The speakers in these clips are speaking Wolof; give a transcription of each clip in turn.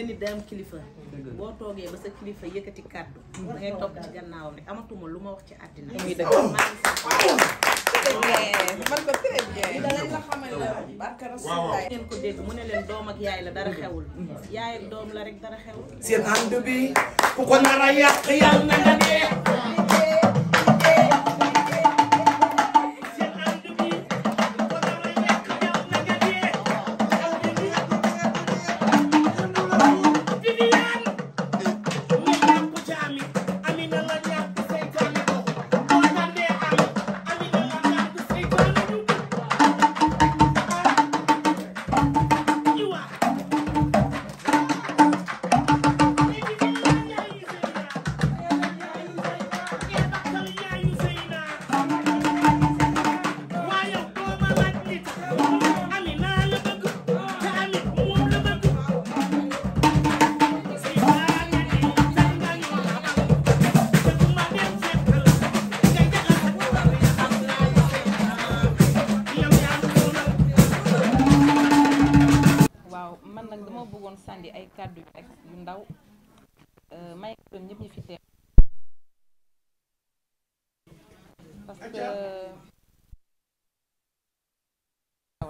nga nit day kilifa boo toogee ba sa kilifa yëkkati kàddu da mm-hmm. ngay ci gannaaw ne amatuma lu ma wax ci àddina man ko la xamal la barka rasulaay ngeen ko dégg mu ne leen doom ak yaay la dara xewul mm-hmm. yaay doom la rek dara xewul seen ànd bi ku ko nar a yàq yàlla na nga dee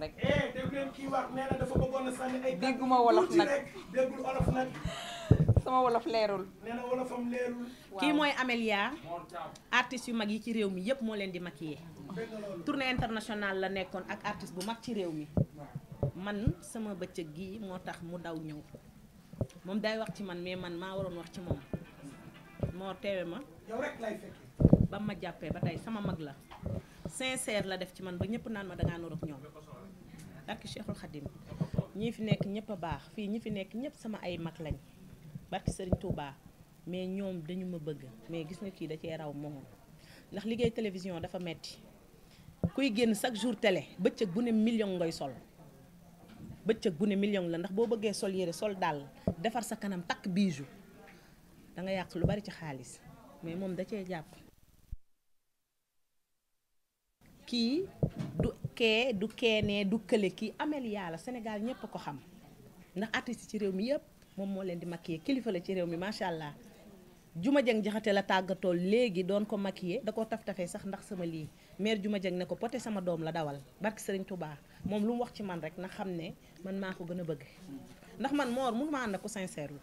kanam rek. Eh, dégg dégguma wolof nag sama wolof leerul. kii mooy Amélia artistes yu mag yi ci réew mi yépp moo leen di maquiller. tournée internationale la nekkoon ak artiste bu mag ci réew mi. man sama bëccëg gi moo tax mu daw ñëw moom day wax ci man man maa waroon wax ci moom moo teewe ma. yow ma jàppee ba tey sama mag la. sincère la def ci man ba ñëpp naan ma dangaa nuruk ñoom barki Cheikhul Khadim ñi fi nekk ñëpp a baax fii ñi fi nekk ñëpp sama ay mag lañ barki sëriñ Touba mais ñoom dañu ma bëgg mais gis nga kii da cee raw moom ndax liggéey télévision dafa metti kuy génn chaque jour télé bëccëg bu ne million ngay sol bëccëg bu ne million la ndax boo bëggee sol yére sol daal defar sa kanam takk bijou da nga yàq lu bari ci xaalis mais moom da cee jàpp kii du kee du keenee du kële kii Amélia la Sénégal ñëpp ko xam ndax artiste ci réew mi yëpp moom moo leen di maquiller kilifa la ci réew mi macha allah Juma Jeng jaxate la tàggatool léegi doon ko maquiller da koo taf tafee sax ndax sama lii mère Juma Jeng ne ko poté sama doom la dawal barki Sëriñ Touba moom lu mu wax ci man rek na xam ne man maa ko gën a bëgg ndax man moor mënu ma ànd ak ku sincère lu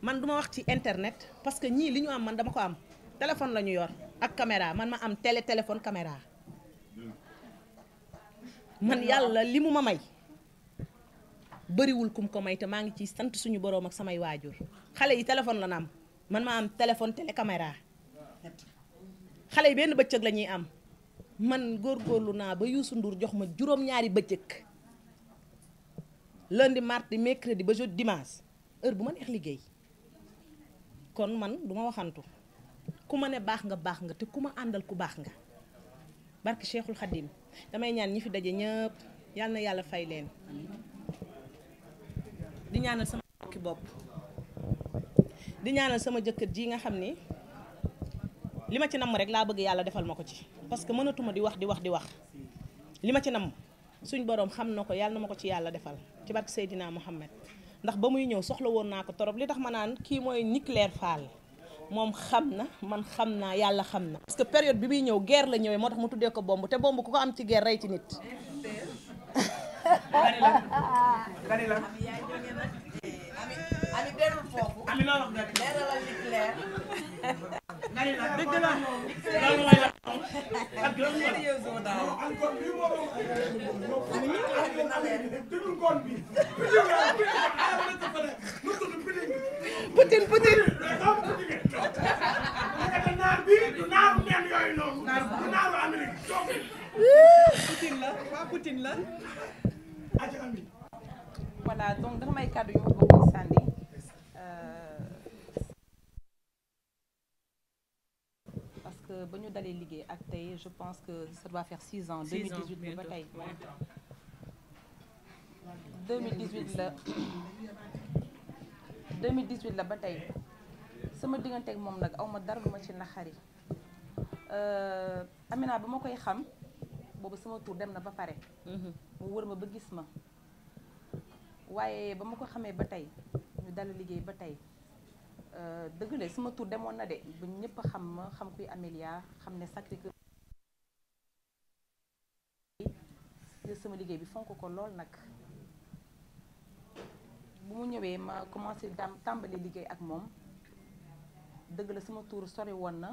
man duma wax ci internet parce que ñii li ñu am man dama ko am téléphone la ñu yor ak caméra man ma am télé téléphone caméra man yàlla li mu ma may bariwul kum ko may te maa ngi ciy sant suñu boroom ak samay waajur xale yi téléphone la na am man maa am téléphone télé xale yi benn bëccëg la ñuy am man góorgóorlu naa ba Youssou Ndour jox ma juróom-ñaari bëccëg lundi mardi mercredi ba jeudi dimaas heure bu ma neex liggéey kon man duma waxantu ku ma ne baax nga baax nga te ku ma àndal ku baax nga barke Cheikhul Khadim damay ñaan ñi fi daje ñëpp yal na yàlla fay leen di ñaanal sama di ñaanal sama jëkkër ji nga xam ni li ma ci namm rek laa bëgg yàlla defal ma ko ci parce que mënatuma di wax di wax di wax li ma ci namm suñ boroom xam na ko yàlla na ma ko ci yàlla defal ci barke seydinaa Muhammad ndax ba muy ñëw soxla woon naa ko torop li tax ma naan kii mooy Niclaire Fall moom xam na man xam naa yàlla xam na. parce que période bi muy ñëw guerre la ñëwee moo tax mu tuddee ko bomb te bomb ku ko am ci guerre rey ci nit. Poutine Poutine moom du jigéen. ndekete naar bii du naaru neen yooyu noonu. du naaru Amérique donc. Poutine la waa Poutine la. aja ami. voilà donc dafa may kàddu yu ma bëgg sànni. Euh, parce que ba ñu dalee liggéey ak tey je pense que ça doit faire six ans. six ans 2018 ba tey. 2018 la 2018 la ba tey. sama diggante ak moom nag aw ma dara lu ma ci naxari euh, Amina ba ma koy xam boobu sama tur dem na ba pare. Mhm. mu wër ma ba gis ma waaye ba ma ko xamee ba tey ñu dal liggéey ba tey euh, dëgg la sama tour demoon na de ñépp ñëpp xam ma xam kuy Amélia xam ne Sacré-Cœur sama liggéey bi fonk ko lool nag bu mu ñëwee ma commencé dam tàmbali liggéey ak moom. dëgg la sama tuur sori woon na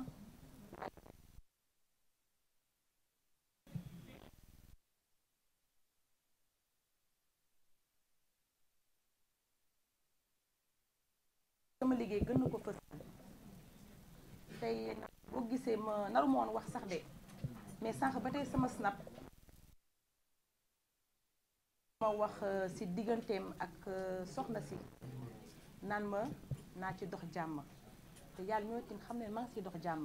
sama liggéey gën na ko fësal tey boo gisee ma naru ma woon wax sax de mais sànq ba tey sama snap ma wax ci euh, digganteem ak euh, soxna si naan ma naa ci dox jàmm te yàlla ñoo tin xam ne maa ngi siy dox jàmm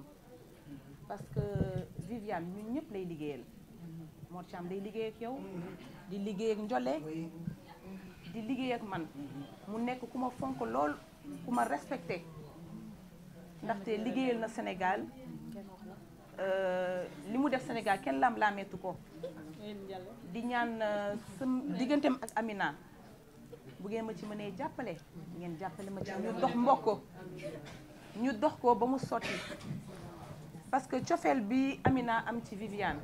parce que Viviane ñu ñëpp lay liggéeyal Mor Thiam day liggéey ak yow di liggéey ak Njole di liggéey ak man mu nekk ku ma fonk lool ku ma respecté ndaxte liggéeyal na Sénégal euh, li mu def Sénégal kenn laam laameetu ko di ñaan euh, sa digganteem ak Amina bu ngeen ma ci mënee jàppale ngeen jàppale ma ci ñu dox mbokk ñu dox ko ba mu sotti parce que cofeel bi Amina am ci Viviane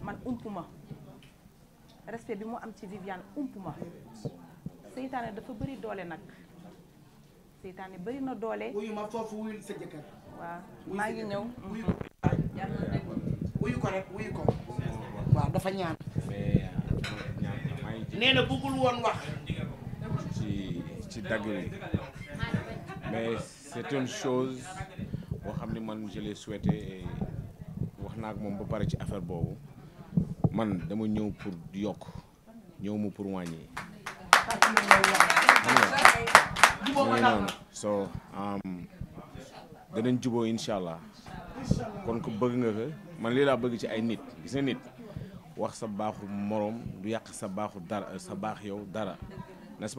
man ump ma respect bi mu am ci Viviane ump ma seytaane dafa bari doole nag seytaane bëri na doole. wuyu ma foofu sa jëkkër. maa ngi ñëw. wuyu ko mhm. wuyu ko rek wuyu ko. dafa ñaan. nee na bëggul woon wax. ci ci dagg yi mais. c'est une chose boo xam ne man je l'ai souhaité wax naa ak moom ba pare ci affaire boobu man dama ñëw pour yokk ñëw mu pour wàññi. mooy noonu so um, danañ juboo incha allah kon ko bëgg nga ko man lii laa bëgg ci ay nit gis nit wax sa baaxu moroom du yàq sa baaxu dara sa baax yow dara n'est-ce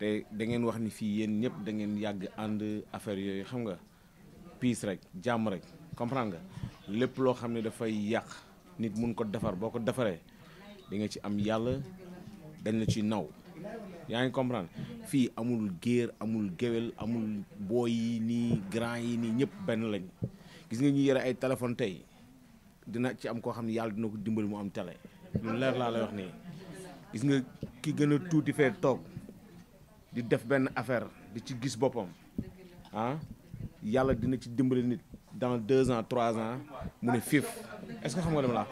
te da ngeen wax ni fii yéen ñëpp dangeen yàgg ànd affaire yooyu xam nga piis rek jàmm rek comprendre nga lépp loo xam ne dafay yàq nit mun ko defar boo ko defaree di ci am yàlla dañ la ci naw yaa ngi comprendre fii amul géer amul géwél amul booy yi nii grand yi nii ñëpp benn lañ gis nga ñu yore ay téléphone tey dina ci am koo xam ne yàlla dina ko dimbali mu am télé lu leer laa lay wax nii gis nga ki gën a tuuti fee toog di def benn affaire di ci gis boppam ah yàlla dina ci dimbali nit dans deux ans trois ans mu ne fiif est-ce que xam nga dem laa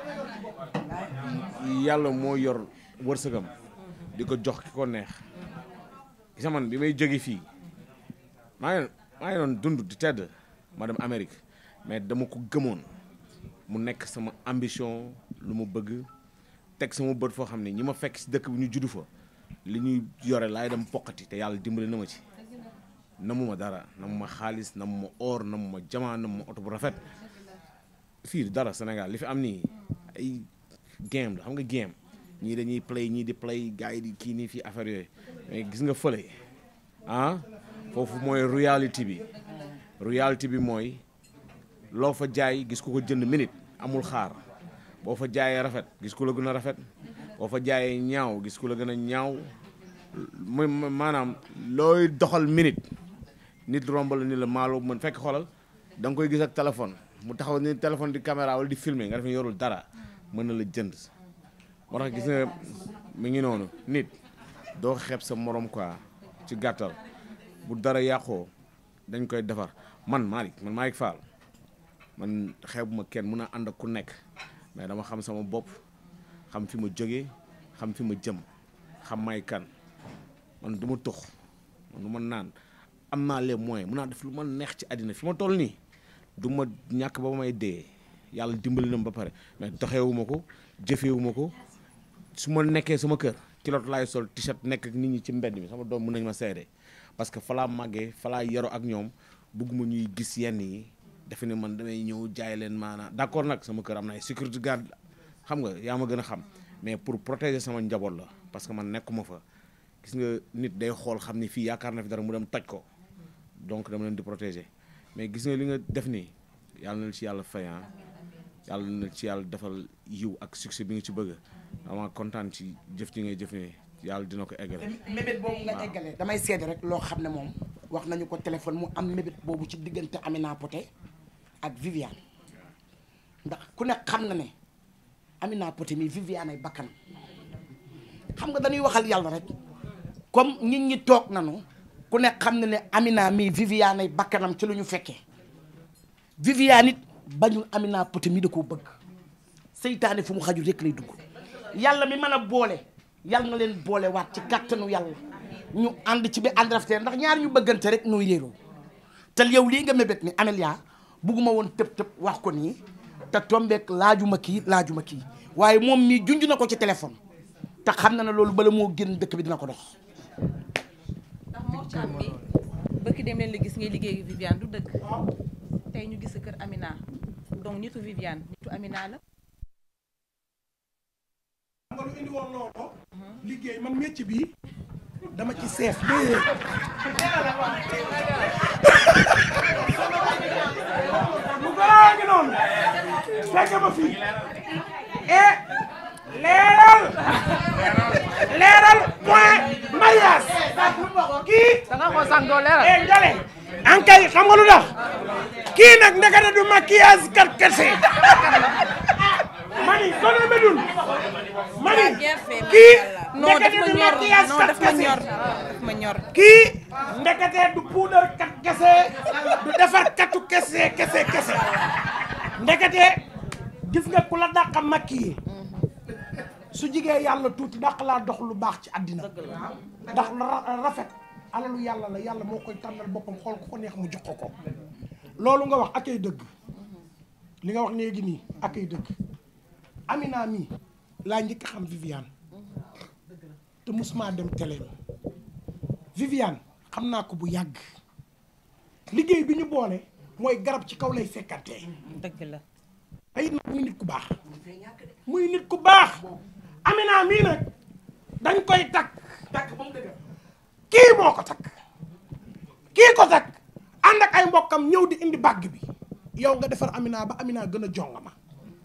yàlla moo yor wërsëgam di ko jox ki ko neex gis bi may jóge fii maa ngi maa doon dund di tedd ma dem Amérique mais dama ko gëmoon mu nekk sama ambition lu ma bëgg teg sama bët foo xam ne ñi ma fekk si dëkk bi ñu juddu fa li ñuy yore laay dem poqati te yàlla dimbali na ma ci namuma dara namuma xaalis namuma or namuma jamaa namuma oto bu rafet fii dara senegal li fi am nii ay game la xam nga game ñii dañuy play ñii di play gars yi di kii nii fii affaire yooyu mais gis nga fële ah foofu mooy reality bi reality bi mooy loo fa jaay gis ku ko jënd minute amul xaar boo fa jaayee rafet gis ku la gun a rafet boo fa jaaye ñaaw gis ku la gën a ñaaw mu maanaam looy doxal minute nit romb la ni la maaloo mën fekk xoolal danga koy gis ak téléphone mu taxaw ni téléphone di caméra wala di filmer nga def ni yorul dara mën na la jënd moo tax gis na mi ngi noonu nit doo xeeb sa morom quoi ci gàttal bu dara yàqoo dañ koy defar man Malick man Malick Fall man ma kenn mun a ànd ak ku nekk mais dama xam sama bopp xam fi ma jógee xam fi ma jëm xam may kan man duma ma tux man du ma naan am naa leen mooy mun naa def lu ma neex ci àddina fi ma toll nii du ma ñàkk ba may dee yàlla dimbali na ba pare mais doxeewu ma ko jëfeewu ma ko su ma nekkee sama kër kilot laay sol t-shirt nekk ak nit ñi ci mbedd mi sama doom mën nañ ma seede parce que falaa màggee falaa yaro ak ñoom bëgguma ñuy gis yenn yi defe ne man damay ñëw jaay leen maanaa d'accord nag sama kër am na ay xam nga yaa ma gën a xam mais pour protéger sama njaboot la parce que man nekkuma fa gis nga nit day xool xam ni fii yaakaar na fi dara mu dem toj ko donc dama leen di protéger mais gis nga li nga def nii yàlla na ci yàlla fayan ah. yàlla na ci yàlla defal yiw ak succès bi nga ci bëgg ama kontaan ci jëf ji ngay jëf nii yàlla dina ko eggale mébét boobu nga eggale damay seede rek loo xam ne moom wax nañu ko téléphone mu am mébét boobu ci diggante naa Poté ak Viviane ndax ku ne xam na ne Amina Poté mi Viviane ay bakkanam xam nga dañuy waxal yàlla rek comme nit ñi toog nañu ku nekk xam na ne Amina mi Viviane bakkanam ci lu ñu fekkee vivianit it bañul Amina Poté mii da ko bëgg seytaane fu mu xaju rek lay dugg yàlla mi mën a boole yàlla na leen boole waat ci kàttanu yàlla ñu ànd ci bi ànd rafetee ndax ñaar ñu bëggante rek noo yéeroo te yow lii nga mébét ni Amélia bugguma woon tëb tëb wax ko nii te tombeek laajuma kii laajuma kii waaye moom mii junj na ko ci téléphone te xam na na loolu bala moo génn dëkk bi dina ko dox. ndax Mor dem leen la gis ngay liggéey Viviane du dëgg tey ñu gis kër Amina donc nitu Viviane nitu Amina la. ci seef fekk ma fii et eh, leeral leeral point mariage kii e ngale eh, an kay xam nga lu tax kii nag ndekete du maquillage kat kese mani sone medun mani kii ndekete du kii ndekete du puudar kat kese du defar katu kese kese kese ndekete gis nga ku la dàqa mag yi su jigee yàlla tuuti dàq laa dox lu baax ci àddina ndax rafet alalu yàlla la yàlla moo koy tànnal boppam xool ko ko neex mu jox ko loolu nga wax akay dëgg li nga wax léegi nii akay dëgg Amina mii laa njëkk xam Viviane te musuma dem teleem Viviane xam naa ko bu yàgg liggéey bi ñu boole mooy garab ci kaw lay fekkantee dëgg la ay nag muy nit ku baax muy nit ku baax Amina mii nag dañ koy takk takk ba mu dëgg kii moo ko takk kii ko takk ànd ak ay mbokkam ñëw di indi bàgg bi yow nga defar Amina ba Amina gën a jongama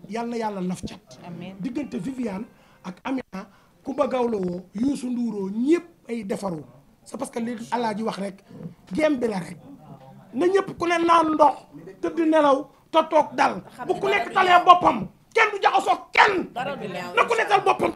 yal na yàlla laf cat diggante Viviane ak Amina Kumba Gawlo woo Yuusu Nduuroo ñëpp ay defaru c'est parce que li alaaji wax rek gem bi la rek na ñëpp ku ne naan ndox tëdd nelaw te toog dal bu ku nekk talee boppam kenn du jaxasoo kenn na ku nekkal boppam